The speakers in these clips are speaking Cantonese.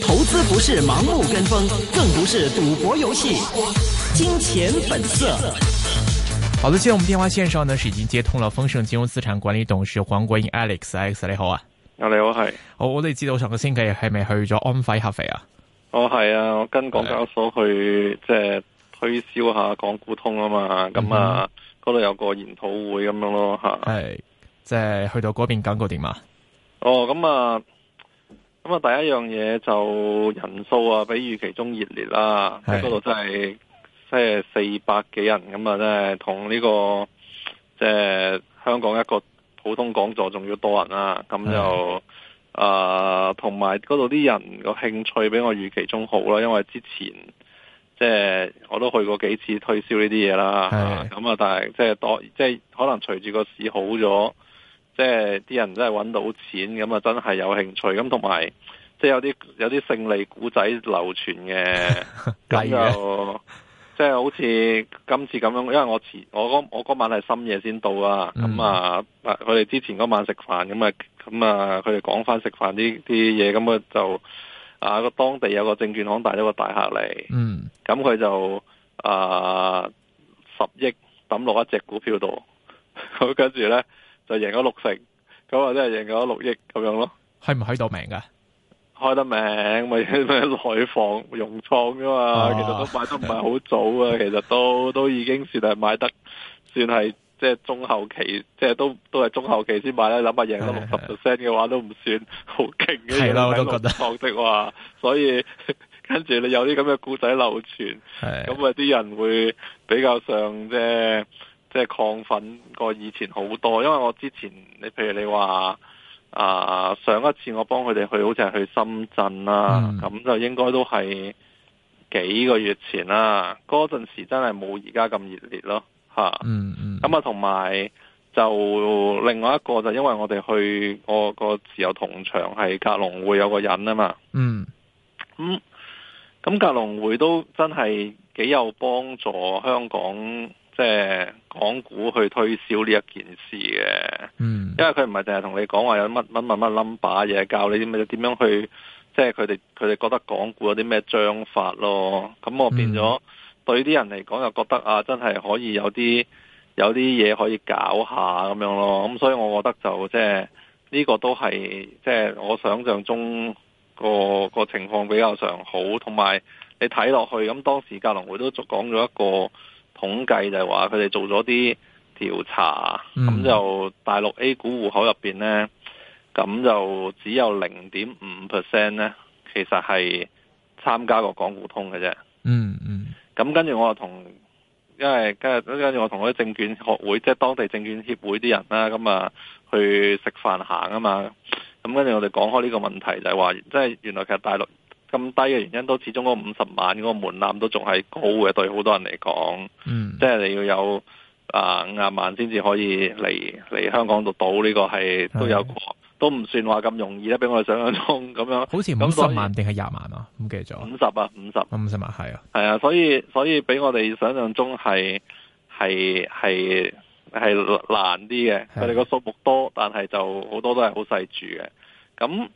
投資不是盲目跟風，更不是賭博遊戲，金錢本色。好的，現在我們電話線上呢是已經接通了豐盛金融資產管理董事黃國英 Alex，Alex，你好啊，你好係，我我哋知道上個星期係咪去咗安徽合肥啊？哦係啊，我跟港交所去即係推銷下港股通啊嘛，咁啊，嗰度有個研討會咁樣咯吓。即係去到嗰邊感覺點啊？哦，咁、嗯、啊，咁、嗯、啊，第一樣嘢，就人數啊，比預期中熱烈啦、啊。喺嗰度真係即係四百幾人，咁、嗯、啊、這個、即咧，同呢個即係香港一個普通講座仲要多人啦。咁就啊，同埋嗰度啲人個興趣比我預期中好啦。因為之前即係我都去過幾次推銷呢啲嘢啦，咁是啊，但係即係多，即係可能隨住個市好咗。即係啲人真係揾到錢，咁啊真係有興趣咁，同埋即係有啲有啲勝利古仔流傳嘅咁嘅，即係好似今次咁樣。因為我前我嗰晚係深夜先到、嗯、啊，咁啊，佢哋之前嗰晚食飯咁啊，咁啊，佢哋講翻食飯呢啲嘢，咁啊就啊個當地有個證券行帶咗個大客嚟，嗯，咁佢就啊十億抌落一隻股票度，咁跟住呢。就贏咗六成，咁啊即係贏咗六億咁樣咯。開唔開到名噶？開得名咪咩內房融創啫嘛。哦、其實都買得唔係好早啊。 其實都都已經算係買得算，算係即係中後期，即係都都係中後期先買咧。諗下贏咗六十 percent 嘅話， 都唔算好勁嘅嘢。係啦，我都覺得嘅哇。的所以跟住你有啲咁嘅故仔流傳，咁啊啲人會比較上即係。即係亢奮過以前好多，因為我之前你譬如你話啊，呃，上一次我幫佢哋去，好似係去深圳啦，啊，咁，mm. 就應該都係幾個月前啦，啊。嗰陣時真係冇而家咁熱烈咯，吓。嗯嗯。咁啊，同埋就另外一個就因為我哋去我個自由同場係格隆會有個人啊嘛。Mm. 嗯。咁咁格隆會都真係幾有幫助香港。即係港股去推銷呢一件事嘅，嗯、因為佢唔係淨係同你講話有乜乜乜乜 number 嘢，教你點點樣去，即係佢哋佢哋覺得港股有啲咩章法咯。咁我變咗、嗯、對啲人嚟講又覺得啊，真係可以有啲有啲嘢可以搞下咁樣咯。咁、嗯、所以我覺得就即係呢、呢個都係即係我想像中個個情況比較常好，同埋你睇落去咁當時格隆會都講咗一個。統計就係話佢哋做咗啲調查，咁、嗯、就大陸 A 股戶口入邊咧，咁就只有零點五 percent 咧，其實係參加過港股通嘅啫、嗯。嗯嗯，咁跟住我同，因為跟日因跟住我同啲證券學會，即係當地證券協會啲人啦，咁啊去食飯行啊嘛，咁跟住我哋講開呢個問題就係話，即係原來其實大陸。咁低嘅原因都始終嗰五十萬嗰個門檻都仲係高嘅。對好多人嚟講，嗯、即係你要有啊五廿萬先至可以嚟嚟香港度賭呢個係都有過，的都唔算話咁容易啦，比我哋想象中咁樣。好似五十萬定係廿萬啊？唔記得咗。五十啊，五十。五十萬係啊。係啊，所以所以比我哋想象中係係係係難啲嘅。佢哋個數目多，但係就好多都係好細注嘅。咁。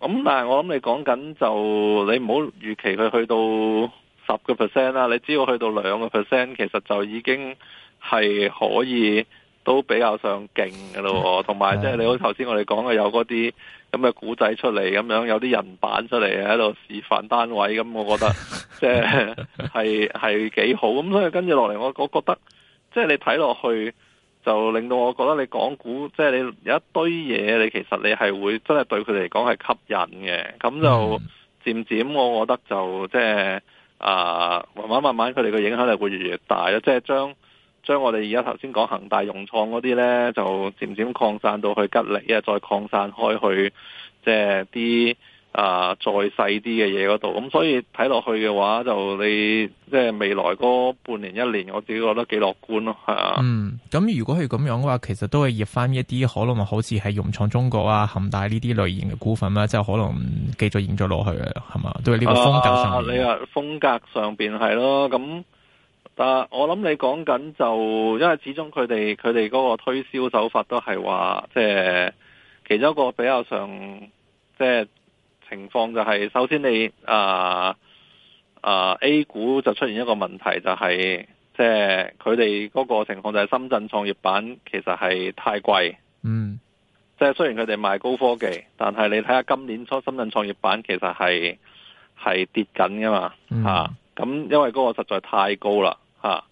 咁、嗯、但係我諗你講緊就你唔好預期佢去到十個 percent 啦，你只要去到兩個 percent，其實就已經係可以都比較上勁嘅咯。同埋即係你好頭先我哋講嘅有嗰啲咁嘅古仔出嚟，咁樣有啲人版出嚟喺度示範單位，咁我覺得即係係係幾好。咁所以跟住落嚟，我我覺得即係、就是、你睇落去。就令到我覺得你港股，即係你有一堆嘢，你其實你係會真係對佢哋嚟講係吸引嘅。咁就漸漸，我覺得就即係啊，慢慢慢慢，佢哋嘅影響力會越嚟越大啦。即係將將我哋而家頭先講恒大、融創嗰啲呢，就漸漸擴散到去吉利啊，再擴散開去即係啲。就是啊，再細啲嘅嘢嗰度，咁、嗯、所以睇落去嘅話，就你即係未來嗰半年一年，我自己覺得幾樂觀咯，係啊。啊嗯，咁如果係咁樣嘅話，其實都係熱翻一啲可能好似係融創中國啊、恒大呢啲類型嘅股份啦、啊，即係可能繼續延咗落去嘅，係嘛？啊、都係呢個風格上邊。啊，你話、啊、風格上邊係咯？咁但我諗你講緊就是，因為始終佢哋佢哋嗰個推銷手法都係話，即、就、係、是、其中一個比較上即係。就是情況就係，首先你啊啊 A 股就出現一個問題、就係，就係即係佢哋嗰個情況就係深圳創業板其實係太貴，嗯，即係雖然佢哋賣高科技，但係你睇下今年初深圳創業板其實係係跌緊噶嘛，吓、嗯，咁、啊、因為嗰個實在太高啦，吓、啊，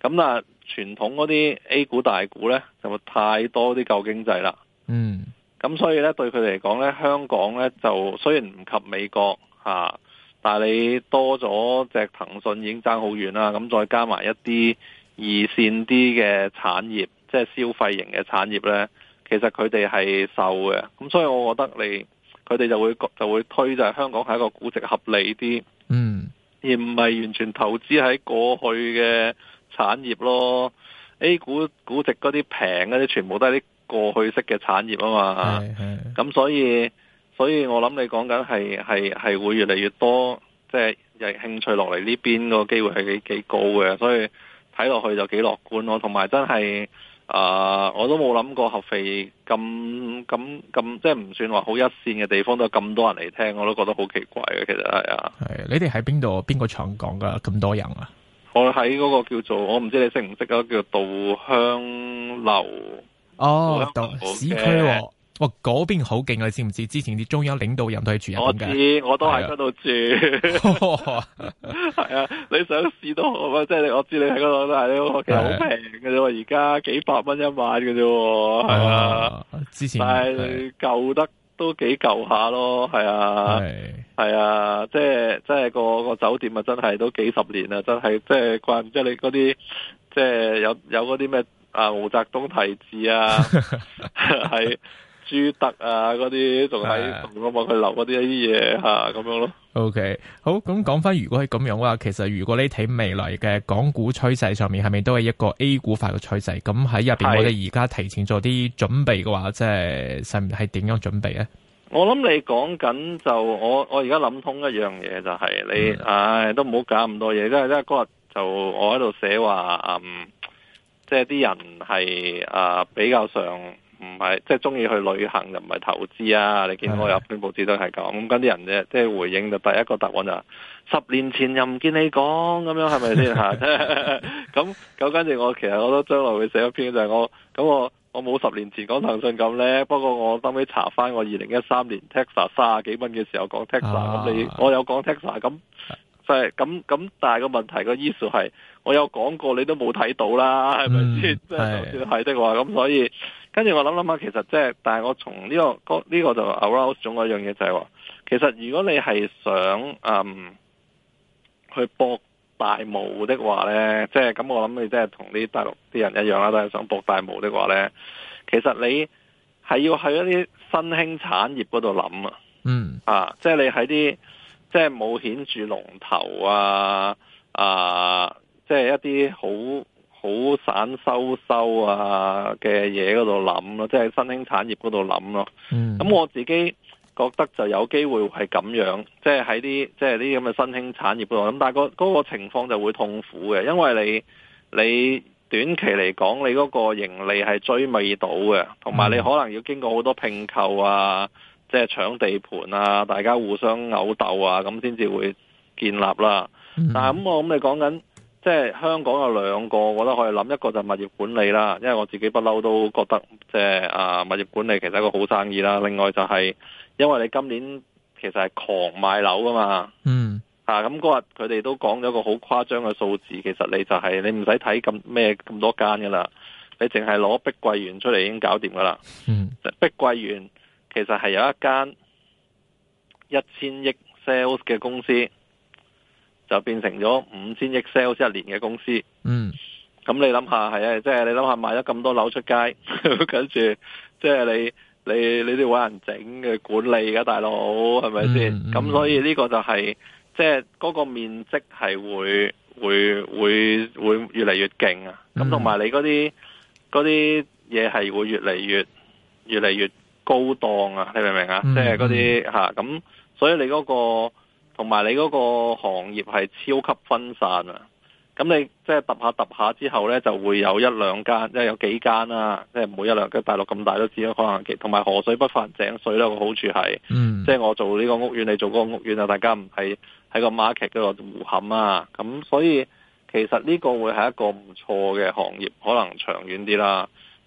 咁啊傳統嗰啲 A 股大股呢，就太多啲舊經濟啦，嗯。咁所以咧，對佢嚟講咧，香港咧就雖然唔及美國吓，啊，但係你多咗隻騰訊已經爭好遠啦。咁再加埋一啲二線啲嘅產業，即係消費型嘅產業咧，其實佢哋係受嘅。咁所以我覺得你佢哋就會就會推就係香港係一個估值合理啲，嗯，而唔係完全投資喺過去嘅產業咯。A 股估值嗰啲平，嗰啲全部都係啲。過去式嘅產業啊嘛，咁係所以所以我諗你講緊係係係會越嚟越多，即係興趣落嚟呢邊個機會係幾幾高嘅，所以睇落去就幾樂觀咯。同埋真係啊、呃，我都冇諗過合肥咁咁咁，即係唔算話好一線嘅地方都有咁多人嚟聽，我都覺得好奇怪嘅。其實係啊，係你哋喺邊度邊個場講噶咁多人啊？我喺嗰個叫做我唔知你識唔識啊，叫稻香樓。哦，市區喎，嗰、哦、邊好勁啊，你知唔知？之前啲中央領導人都喺住入邊嘅。我知，的我都喺嗰度住。係啊， 你想試都好，好即係我知你喺嗰度都係，你屋企好平嘅啫喎，而家幾百蚊一晚嘅啫喎，係啊。之前但係你舊得都幾舊下咯，係啊，係啊的，即係即係個、個酒店啊，真係都幾十年啦，真係即係怪唔知你嗰啲即係有有嗰啲咩？啊，毛澤東提字啊，係 朱德啊，嗰啲仲喺度同我望佢留嗰啲一啲嘢吓，咁、 啊、樣咯。O、okay. K，好咁講翻，如果係咁樣嘅話，其實如果你睇未來嘅港股趨勢上面，係咪都係一個 A 股化嘅趨勢？咁喺入邊我哋而家提前做啲準備嘅話，是即係係唔係點樣準備咧？我諗你講緊就我我而家諗通一樣嘢，就是，就係你，唉、嗯哎，都唔好搞咁多嘢。因為咧嗰日就我喺度寫話，嗯。即係啲人係啊、呃、比較上唔係即係中意去旅行又唔係投資啊，你見我有篇報紙都係咁，咁的跟啲人啫，即係回應就第一個答案就是、十年前又唔見你講咁樣係咪先吓？咁咁跟住我其實我都將來會寫一篇就係、是、我咁我我冇十年前講騰訊咁咧，啊、不過我後尾查翻我二零一三年 Tesla 卅幾蚊嘅時候講 Tesla 咁你我有講 Tesla 咁。係咁，咁但係個問題個 issue 係，我有講過你都冇睇到啦，係咪先？即係就算係的話，咁所以，跟住我諗諗下，其實即係，但係我從呢個嗰呢個就 overall 總嗰樣嘢就係話，其實如果你係想嗯去博大霧的話咧，即係咁我諗你即係同啲大陸啲人一樣啦，都係想博大霧的話咧，其實你係要喺一啲新興產業嗰度諗啊，嗯啊，即係你喺啲。即係冇顯住龍頭啊！啊，即係一啲好好散收收啊嘅嘢嗰度諗咯，即係新興產業嗰度諗咯。咁、嗯、我自己覺得就有機會係咁樣，即係喺啲即係啲咁嘅新興產業嗰度諗，但係、嗰個嗰、嗰個情況就會痛苦嘅，因為你你短期嚟講，你嗰個盈利係追未到嘅，同埋你可能要經過好多併購啊。即係搶地盤啊！大家互相毆鬥啊，咁先至會建立啦。但係咁我咁你講緊即係香港有兩個，我都可以諗一個就係物業管理啦。因為我自己不嬲都覺得即係啊物業管理其實一個好生意啦。另外就係因為你今年其實係狂賣樓啊嘛。嗯。嚇咁嗰日佢哋都講咗個好誇張嘅數字，其實你就係、是、你唔使睇咁咩咁多間㗎啦。你淨係攞碧桂園出嚟已經搞掂㗎啦。嗯。碧桂園。其實係有一間一千億 sales 嘅公司，就變成咗五千億 sales 一年嘅公司。嗯，咁你諗下，係啊，即係你諗下賣咗咁多樓出街，跟住即係你你你都要搵人整嘅管理嘅大佬，係咪先？咁，嗯嗯、所以呢個就係即係嗰個面積係會會會會越嚟越勁啊！咁同埋你嗰啲嗰啲嘢係會越嚟越越嚟越。越高檔啊，你明唔明啊？即係嗰啲嚇咁，所以你嗰個同埋你嗰個行業係超級分散啊！咁你即係揼下揼下之後呢，就會有一兩間，即係有幾間啦、啊，即係每一兩間大陸咁大都知啦。可能同埋河水不犯井水咧，個好處係，嗯、即係我做呢個屋苑，你做嗰個屋苑啊，大家唔係喺個 market 嗰度互冚啊！咁所以其實呢個會係一個唔錯嘅行業，可能長遠啲啦。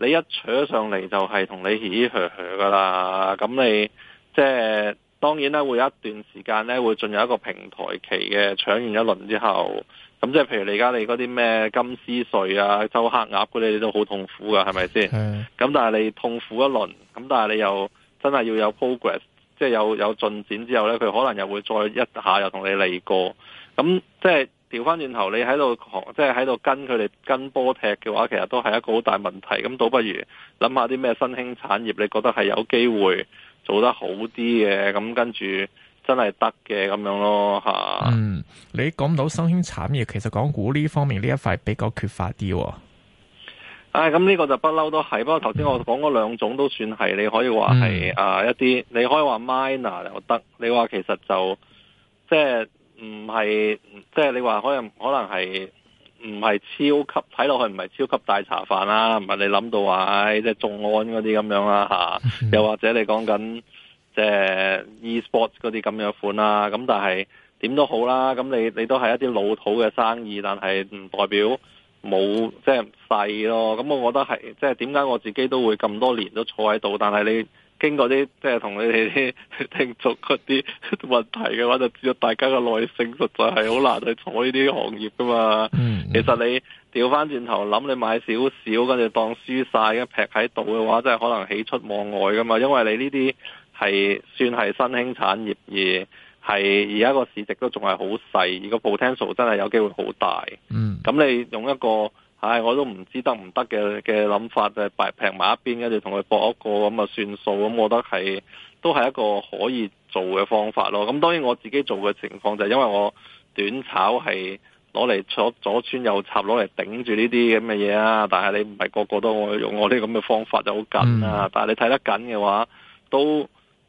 你一扯上嚟就係同你起起去去噶啦，咁你即係、就是、當然咧會有一段時間咧會進入一個平台期嘅，搶完一輪之後，咁即係譬如你而家你嗰啲咩金斯瑞啊、周黑鴨嗰啲你都好痛苦噶，係咪先？咁是的 但係你痛苦一輪，咁但係你又真係要有 progress，即係有有進展之後咧，佢可能又會再一下又同你嚟過，咁即係。調翻轉頭，你喺度即係喺度跟佢哋跟波踢嘅話，其實都係一個好大問題。咁倒不如諗下啲咩新興產業，你覺得係有機會做得好啲嘅？咁跟住真係得嘅咁樣咯，吓。嗯，你講到新興產業，其實港股呢方面呢一塊比較缺乏啲。唉，哎，嗯，嗯，嗯，啊，咁呢個就不嬲都係。不過頭先我講嗰兩種都算係，你可以話係啊一啲，你可以話 minor 又得。你話其實就即係。唔係，即係你話可能可能係唔係超級睇落去唔係超級大茶飯啦，唔係你諗到話唉，即係眾安嗰啲咁樣啦嚇、啊，又或者你講緊即係、就是、e-sports 嗰啲咁樣款啦，咁但係點都好啦，咁你你都係一啲老土嘅生意，但係唔代表冇即係細咯，咁我覺得係即係點解我自己都會咁多年都坐喺度，但係你。經過啲即係同佢哋啲聽眾嗰啲問題嘅話，就知道大家嘅耐性實在係好難去坐呢啲行業噶嘛。Mm hmm. 其實你調翻轉頭諗，你買少少跟住當輸晒，一劈喺度嘅話，真係可能喜出望外噶嘛。因為你呢啲係算係新興產業，而係而家個市值都仲係好細，而個 potential 真係有機會好大。咁、mm hmm. 你用一個。係，我都唔知得唔得嘅嘅諗法，就平、是、埋一邊，跟住同佢搏一個咁啊，算數咁，我覺得係都係一個可以做嘅方法咯。咁當然我自己做嘅情況就係因為我短炒係攞嚟左左穿右插，攞嚟頂住呢啲咁嘅嘢啊。但係你唔係個個都我用我呢咁嘅方法就好緊啊。但係你睇得緊嘅話都。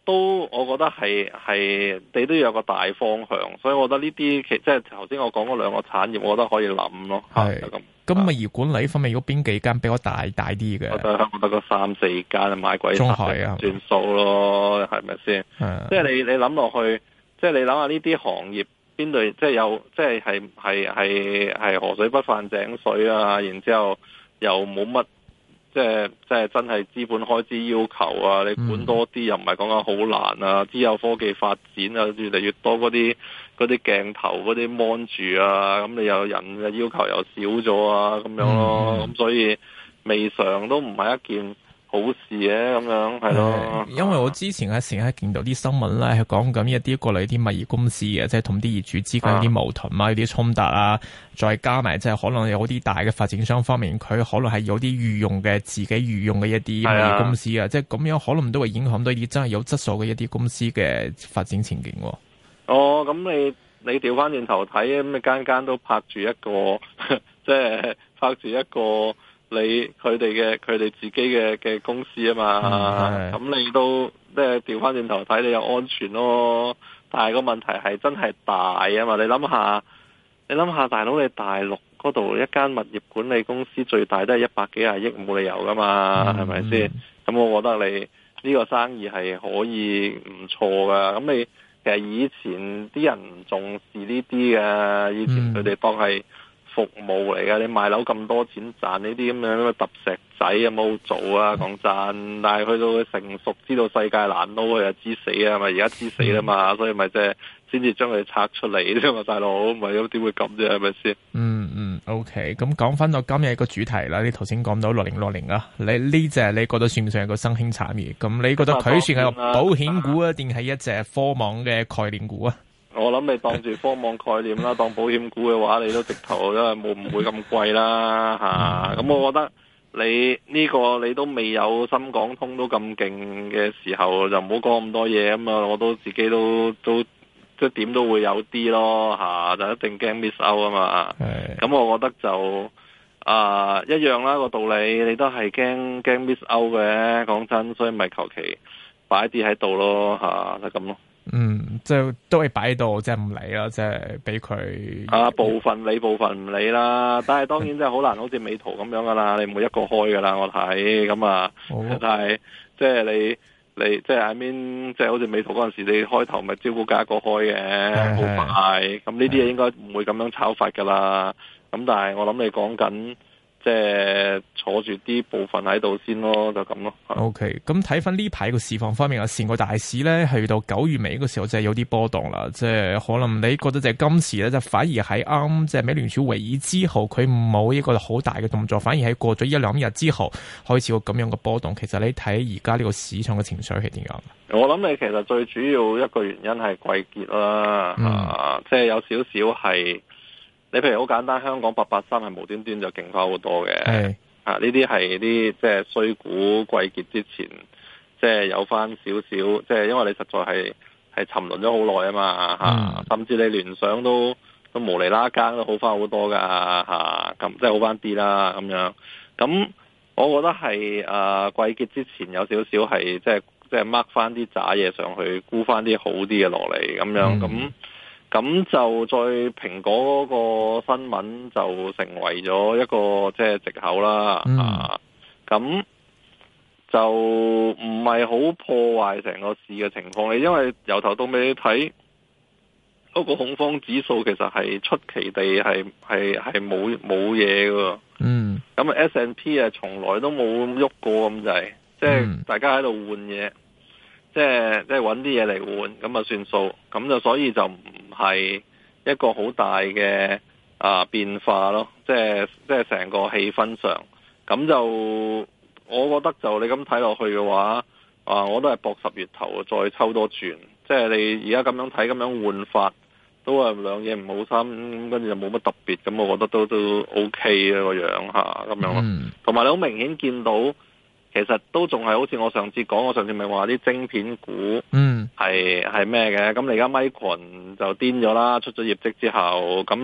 都，我覺得係係你都要有個大方向，所以我覺得呢啲其即係頭先我講嗰兩個產業，我覺得可以諗咯。係是，咁咁物業管理方面如果邊幾間比較大大啲嘅？我覺得得個三四間，買鬼轉數咯，係咪先？即係你你諗落去，即係你諗下呢啲行業邊度，即係有即係係係係係河水不犯井水啊，然後之後又冇乜。即係真係資本開支要求啊！你管多啲又唔係講緊好難啊！之後科技發展啊，越嚟越多嗰啲嗰啲鏡頭嗰啲芒住啊，咁你又人嘅要求又少咗啊，咁樣咯，咁所以未嘗都唔係一件好事嘅，啊、咁樣係咯，的的因為我之前咧成日喺見到啲新聞咧係講緊一啲過嚟啲物業公司嘅，即係同啲業主之間有啲矛盾啊、的有啲衝突啊，再加埋即係可能有啲大嘅發展商方面，佢可能係有啲御用嘅，自己御用嘅一啲物業公司啊，即係咁樣可能都會影響到真係有質素嘅一啲公司嘅發展前景，啊。哦，咁你你調翻轉頭睇，咁你間間都拍住一個，即 係拍住一個。你佢哋嘅佢哋自己嘅嘅公司啊嘛，咁的、啊、你都即係調翻轉頭睇，你又安全咯。但係個問題係真係大啊嘛！你諗下，你諗下，大佬，你大陸嗰度一間物業管理公司最大都係一百幾廿億，冇理由㗎嘛，係咪先？咁我覺得你呢個生意係可以唔錯㗎。咁你其實以前啲人唔重視呢啲嘅，以前佢哋當係。嗯服務嚟噶，你賣樓咁多錢賺呢啲咁樣咁嘅揼石仔有冇好做啊？講賺，但係去到成熟，知道世界難撈啊，又知死啊，咪而家知死啦嘛。嗯、所以咪即係先至將佢拆出嚟，啲嘛大佬，咪點會咁啫，係咪先？嗯嗯，OK，咁講翻到今日個主題啦，你頭先講到六零六零啊，你呢隻你覺得算唔算係個新興產業？咁你覺得佢算係保險股啊，定係一隻科網嘅概念股啊？我諗你當住科網概念啦，當保險股嘅話，你都直頭都冇唔會咁貴啦吓。咁、啊、我覺得你呢個你都未有深港通都咁勁嘅時候，就唔好講咁多嘢。啊嘛。我都自己都都即係點都會有啲咯吓、啊，就一定驚 miss out 啊嘛。咁是的、嗯、我覺得就啊一樣啦，一個道理，你都係驚驚 miss out 嘅、啊。講真，所以咪求其擺啲喺度咯吓、啊，就咁咯。嗯，即係都係擺喺度，即係唔理啦，即係俾佢啊部分理，部分唔理啦。但係當然即係好難， 好似美圖咁樣噶啦，你唔會一個開噶啦。我睇咁啊，嗯哦、但係即係你你即係喺邊，即係 I mean, 好似美圖嗰陣時，你開頭咪招呼加一個開嘅，好快的。咁呢啲嘢應該唔會咁樣炒法噶啦。咁的但係我諗你講緊。即係坐住啲部分喺度先咯，就咁咯。O K，咁睇翻呢排個市況方面，有成個大市咧，去到九月尾嗰時候真係有啲波動啦。即係可能你覺得就係今時咧，就反而喺啱即係美聯儲會議之後，佢冇一個好大嘅動作，反而喺過咗一兩日之後，開始個咁樣嘅波動。其實你睇而家呢個市場嘅情緒係點樣？我諗你其實最主要一個原因係季結啦，嗯、啊，即係有少少係。你譬如好簡單，香港八八三係無端端就勁翻好多嘅，是啊呢啲係啲即係衰股季結之前，即係有翻少少，即係因為你實在係係沉淪咗好耐啊嘛，嚇、啊，嗯、甚至你聯想都都無厘啦更都好翻、啊啊、好多噶嚇，咁即係好翻啲啦咁樣，咁我覺得係啊季結之前有少少係即係即係掹翻啲渣嘢上去，沽翻啲好啲嘅落嚟咁樣咁。嗯咁就再蘋果嗰個新聞就成為咗一個即係借口啦，mm. 啊，咁就唔係好破壞成個市嘅情況咧，因為由頭到尾睇嗰、嗰個恐慌指數其實係出奇地係係係冇冇嘢噶，嗯，咁啊 S and、mm. P 啊從來都冇喐過咁滯，即係、就係就係、大家喺度換嘢。即係即係揾啲嘢嚟換，咁啊算數，咁就所以就唔係一個好大嘅啊變化咯。即係即係成個氣氛上，咁就我覺得就你咁睇落去嘅話，啊我都係搏十月頭再抽多轉。即係你而家咁樣睇，咁樣換法都係兩嘢唔好心、嗯，跟住就冇乜特別。咁我覺得都都 OK 啊個樣嚇，咁樣咯。同埋你好明顯見到。其實都仲係好似我上次講，我上次咪話啲晶片股，嗯、mm.，係係咩嘅？咁你而家 Micron 就癲咗啦，出咗業績之後，咁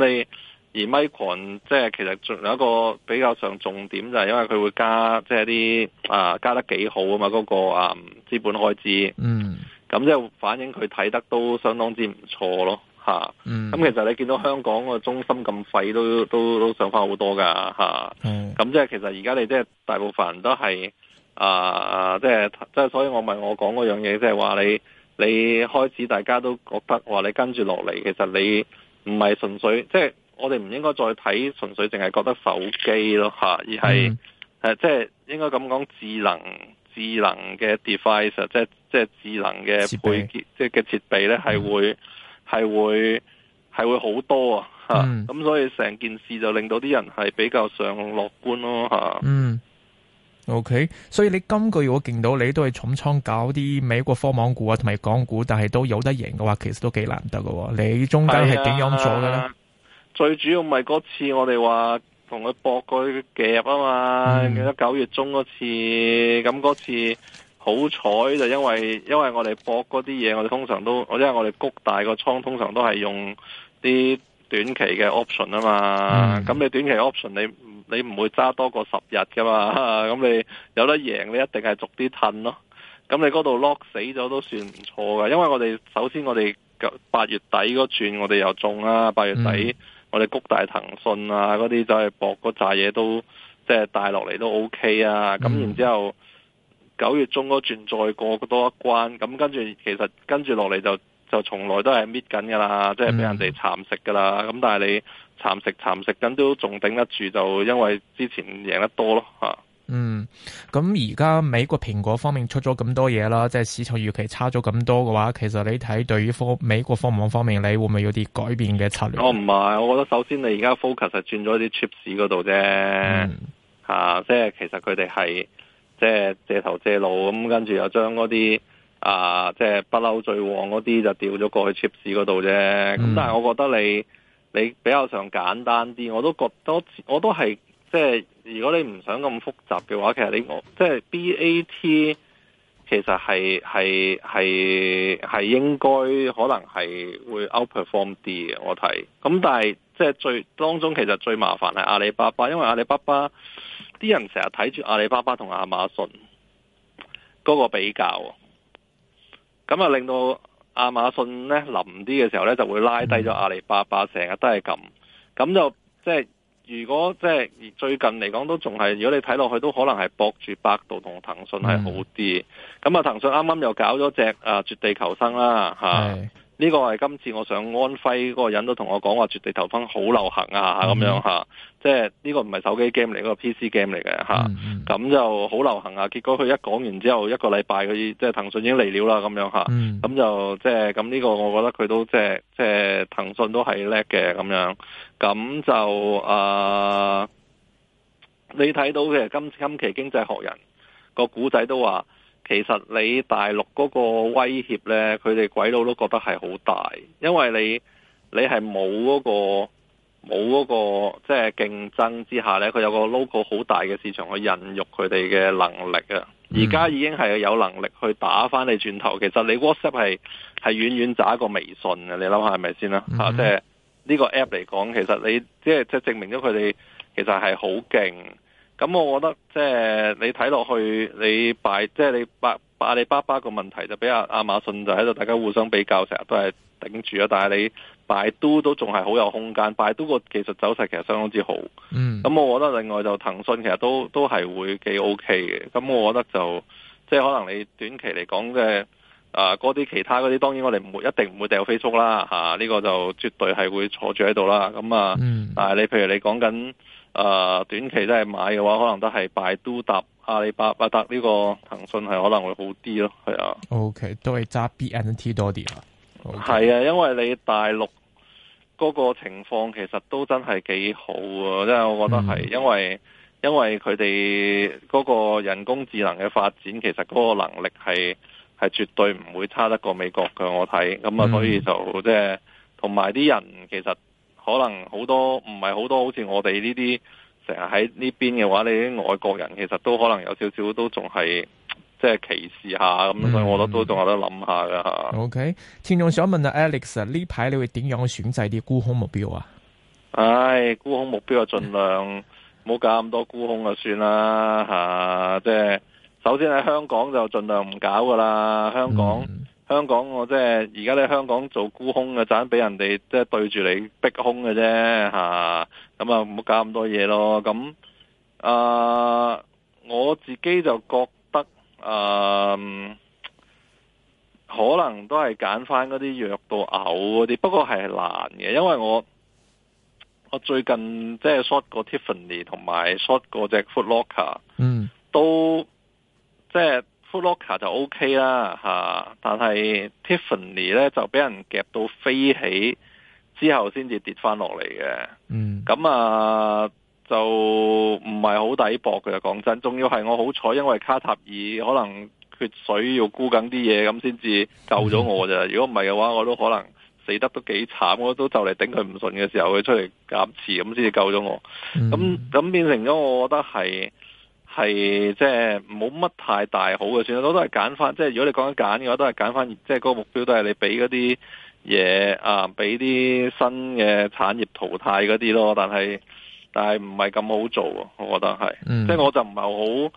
你而 Micron、就是，即係其實仲有一個比較上重點就係因為佢會加即係啲啊加得幾好啊嘛，嗰、那個啊資、嗯、本開支，嗯，咁即係反映佢睇得都相當之唔錯咯，吓、啊，咁、mm. 其實你見到香港個中芯咁廢都都都，都上翻好多㗎吓，咁即係其實而家你即係大部分人都係。啊，即係即係，所以我問我講樣嘢，即係話你你開始大家都覺得話你跟住落嚟，其實你唔係純粹，即係我哋唔應該再睇純粹，淨係覺得手機咯吓，而係誒、嗯啊，即係應該咁講智能智能嘅 device，即係即係智能嘅配件，備即係嘅設備咧係、嗯、會係會係會好多啊吓，咁、嗯、所以成件事就令到啲人係比較上樂觀咯吓。咯嗯。O、okay. K，所以你今個月我見到你都係重倉搞啲美國科網股啊，同埋港股，但係都有得贏嘅話，其實都幾難得嘅。你中間係點樣做嘅咧、啊？最主要唔係嗰次我哋話同佢博個夾啊嘛，記得、嗯、九月中嗰次，咁嗰次好彩就因為因為我哋博嗰啲嘢，我哋通常都，因為我哋谷大個倉，通常都係用啲短期嘅 option 啊嘛。咁、嗯、你短期 option 你？你唔會揸多過十日噶嘛？咁 你有得贏，你一定係逐啲褪咯。咁 你嗰度 lock 死咗都算唔錯嘅，因為我哋首先我哋八月底嗰轉我哋又中啦。八月底我哋谷大騰訊啊嗰啲就係博嗰扎嘢都即係、就是、帶落嚟都 OK 啊。咁 然之後九月中嗰轉再過多一關，咁跟住其實跟住落嚟就就從來都係搣緊噶啦，即係俾人哋蠶食噶啦。咁但係你。蠶食蠶食緊都仲頂得住，就因為之前贏得多咯吓。啊、嗯，咁而家美國蘋果方面出咗咁多嘢啦，即係市場預期差咗咁多嘅話，其實你睇對於科美國科網方面，你會唔會有啲改變嘅策略？我唔係，我覺得首先你而家 focus 係轉咗啲 cheap 市嗰度啫。吓、嗯啊，即係其實佢哋係即係借頭借路，咁、嗯、跟住又將嗰啲啊，即係不嬲最旺嗰啲就調咗過去 cheap 市嗰度啫。咁但係我覺得你。你比較想簡單啲，我都覺得我都係即係，如果你唔想咁複雜嘅話，其實你即係 BAT，其實係係係係應該可能係會 outperform 啲嘅，我睇。咁但係即係最當中其實最麻煩係阿里巴巴，因為阿里巴巴啲人成日睇住阿里巴巴同亞馬遜嗰個比較，咁啊令到。亞馬遜咧臨啲嘅時候咧就會拉低咗阿里巴巴，成日都係咁，咁就即係如果即係最近嚟講都仲係，如果你睇落去都可能係博住百度同騰訊係好啲，咁啊、嗯、騰訊啱啱又搞咗隻啊絕地求生啦嚇。啊呢個係今次我上安徽嗰個人都同我講話，絕地投分好流行啊，咁樣吓、mm hmm. 啊，即係呢、呢個唔係手機 game 嚟，嗰個 PC game 嚟嘅吓，咁、啊 mm hmm. 就好流行啊。結果佢一講完之後，一個禮拜佢即係騰訊已經嚟了啦，咁樣吓，咁、mm hmm. 就即係咁呢個，我覺得佢都即係即係騰訊都係叻嘅咁樣，咁就啊，你睇到嘅今今期今《經濟學人》個古仔都話。其實你大陸嗰個威脅咧，佢哋鬼佬都覺得係好大，因為你你係冇嗰個冇嗰、嗰個、即係競爭之下咧，佢有個 local 好大嘅市場去孕育佢哋嘅能力啊！而家已經係有能力去打返你轉頭，其實你 WhatsApp 係係遠遠就一個微信啊！你諗下係咪先啦？嚇，即係呢個 app 嚟講，其實你即係即係證明咗佢哋其實係好勁。咁我覺得即係你睇落去，你拜即係你阿里巴巴個問題就比阿亞馬遜就喺度，大家互相比較，成日都係頂住啊！但係你拜都都仲係好有空間，拜都個技術走勢其實相當之好。嗯。咁我覺得另外就騰訊其實都都係會幾 OK 嘅。咁我覺得就即係可能你短期嚟講嘅啊嗰啲其他嗰啲，當然我哋唔一定唔會掉飛速啦嚇。呢、啊這個就絕對係會坐住喺度啦。咁啊，啊、嗯、你譬如你講緊。誒、uh, 短期都係買嘅話，可能都係百度搭阿里巴巴搭呢個騰訊，係可能會好啲咯，係啊。O K。都係揸 B n T 多啲嚇。係啊，因為你大陸個情況其實都真係幾好啊，即係我覺得係、嗯、因為因為佢哋個人工智能嘅發展，其實個能力係係絕對唔會差得過美國嘅。我睇咁啊，所以就即係同埋啲人其實。可能好多唔係好多，好似我哋呢啲成日喺呢邊嘅話，你啲外國人其實都可能有少少都仲係即係歧視下咁，嗯、所以我覺得都仲有得諗下噶。OK，聽眾想問下、啊、Alex，呢排你會點樣選擇啲沽空目標啊？唉、哎，沽空目標就儘量唔好、嗯、搞咁多沽空就算啦嚇、啊。即係首先喺香港就儘量唔搞噶啦，香港。嗯香港我即係而家咧，香港做沽空嘅，盞俾人哋，即係對住你逼空嘅啫，吓咁啊，唔好搞咁多嘢咯。咁啊，我自己就覺得啊，可能都係揀翻啲弱到嘔啲，不過係難嘅，因為我我最近即係 short 個 Tiffany 同埋 short 嗰隻 Foot Locker，嗯，都即係。就是布洛克就 OK 啦吓、啊，但係 Tiffany 咧就俾人夾到飛起，之後先至跌翻落嚟嘅。嗯，咁啊就唔係好抵搏嘅，講真。仲要係我好彩，因為卡塔爾可能缺水要沽緊啲嘢，咁先至救咗我咋。如果唔係嘅話，我都可能死得都幾慘。我都就嚟頂佢唔順嘅時候，佢出嚟減持，咁先至救咗我。咁咁、嗯、變成咗，我覺得係。係，即係冇乜太大好嘅選擇，我都係揀翻。即係如果你講緊揀嘅話，都係揀翻，即係嗰個目標都係你俾嗰啲嘢啊，俾啲新嘅產業淘汰嗰啲咯。但係，但係唔係咁好做，我覺得係，嗯、即係我就唔係好。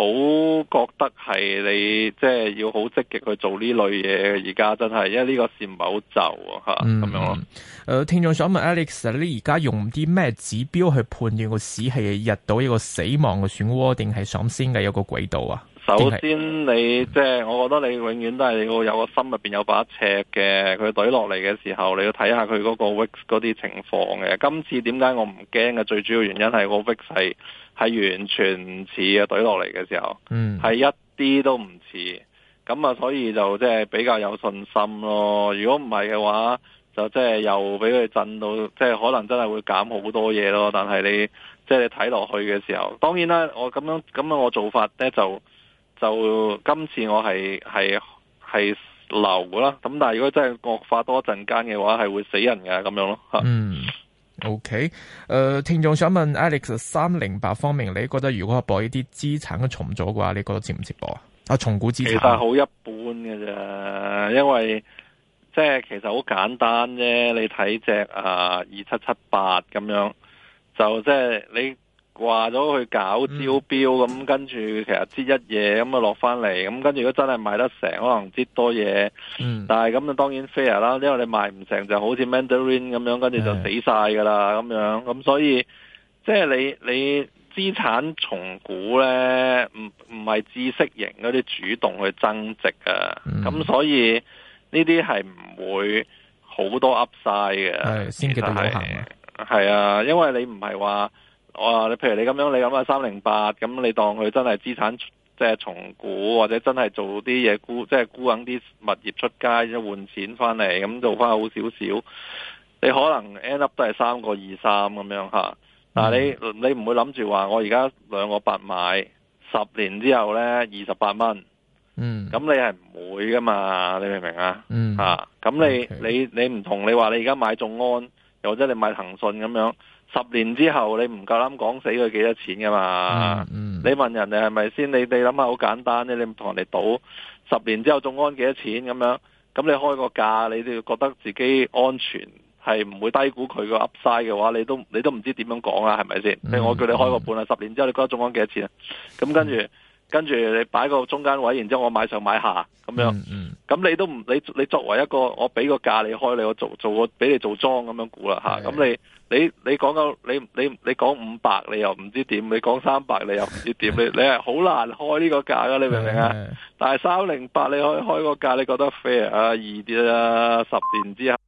好覺得係你即係要好積極去做呢類嘢，而家真係因為呢個事唔係好就啊吓咁、嗯、樣。誒、嗯呃，聽眾想問 Alex，你而家用啲咩指標去判斷個市係入到一個死亡嘅漩渦，定係上升嘅一個軌道啊？首先你即係、嗯，我覺得你永遠都係你個有個心入邊有把尺嘅。佢懟落嚟嘅時候，你要睇下佢個 VIX 啲情況嘅。今次點解我唔驚嘅？最主要原因係個 VIX 係係完全唔似啊！懟落嚟嘅時候，嗯，係一啲都唔似。咁啊，所以就即係比較有信心咯。如果唔係嘅話就即係又俾佢震到，即、就、係、是、可能真係會減好多嘢咯。但係你即係、就是、你睇落去嘅時候，當然啦，我咁樣咁樣我做法咧就。就今次我係係係留㗎啦，咁但係如果真係惡化多一陣間嘅話，係會死人嘅咁樣咯。嗯，OK，誒、呃，聽眾想問 Alex 三零八方面，你覺得如果播呢啲資產嘅重組嘅話，你覺得接唔接播啊？啊，重估資產其實好一般嘅啫，因為即係其實好簡單啫，你睇隻啊二七七八咁樣，就即係你。話咗去搞招標咁、嗯，跟住其實接一嘢咁啊落翻嚟，咁跟住如果真係賣得成，可能接多嘢。嗯、但係咁啊，當然 fair 啦，因為你賣唔成，就好似 Mandarin 咁樣，跟住就死晒噶啦咁樣。咁、嗯、所以即係你你資產重估呢，唔唔係知識型嗰啲主動去增值噶。咁、嗯嗯、所以呢啲係唔會好多 Upside 嘅，先係啊，因為你唔係話。我話你譬如你咁樣，你咁啊三零八，咁你當佢真係資產即係重估，或者真係做啲嘢沽，即係沽緊啲物業出街，即係換錢翻嚟，咁做翻好少少。你可能 end up 都係三個二三咁樣吓。但係你、嗯、你唔會諗住話我而家兩個八買，十年之後呢二十八蚊。嗯。咁你係唔會噶嘛？你明唔明、嗯、啊？嗯。吓 Okay，咁你你你唔同你話你而家買眾安，又或者你買騰訊咁樣。十年之後你唔夠膽講死佢幾多錢㗎嘛？嗯，嗯你問人哋係咪先？你你諗下好簡單咧，你同人哋賭十年之後仲安幾多錢咁樣？咁你開個價，你哋覺得自己安全係唔會低估佢個 Upside 嘅話，你都你都唔知點樣講啊？係咪先？你、嗯嗯嗯、我叫你開個半啊，十年之後你覺得仲安幾多錢啊？咁跟住。嗯跟住你擺個中間位，然之後我買上買下咁樣，咁、嗯嗯、你都唔你你作為一個我俾個價你開，你我做做個俾你做莊咁樣估啦嚇。咁你你你講到你你你講五百你又唔知點、嗯，你講三百你又唔知點，你你係好難開呢個價噶，你明唔明啊？嗯、但係三零八你可以開，開個價，你覺得 fair 啊？易啲啦，十年之後。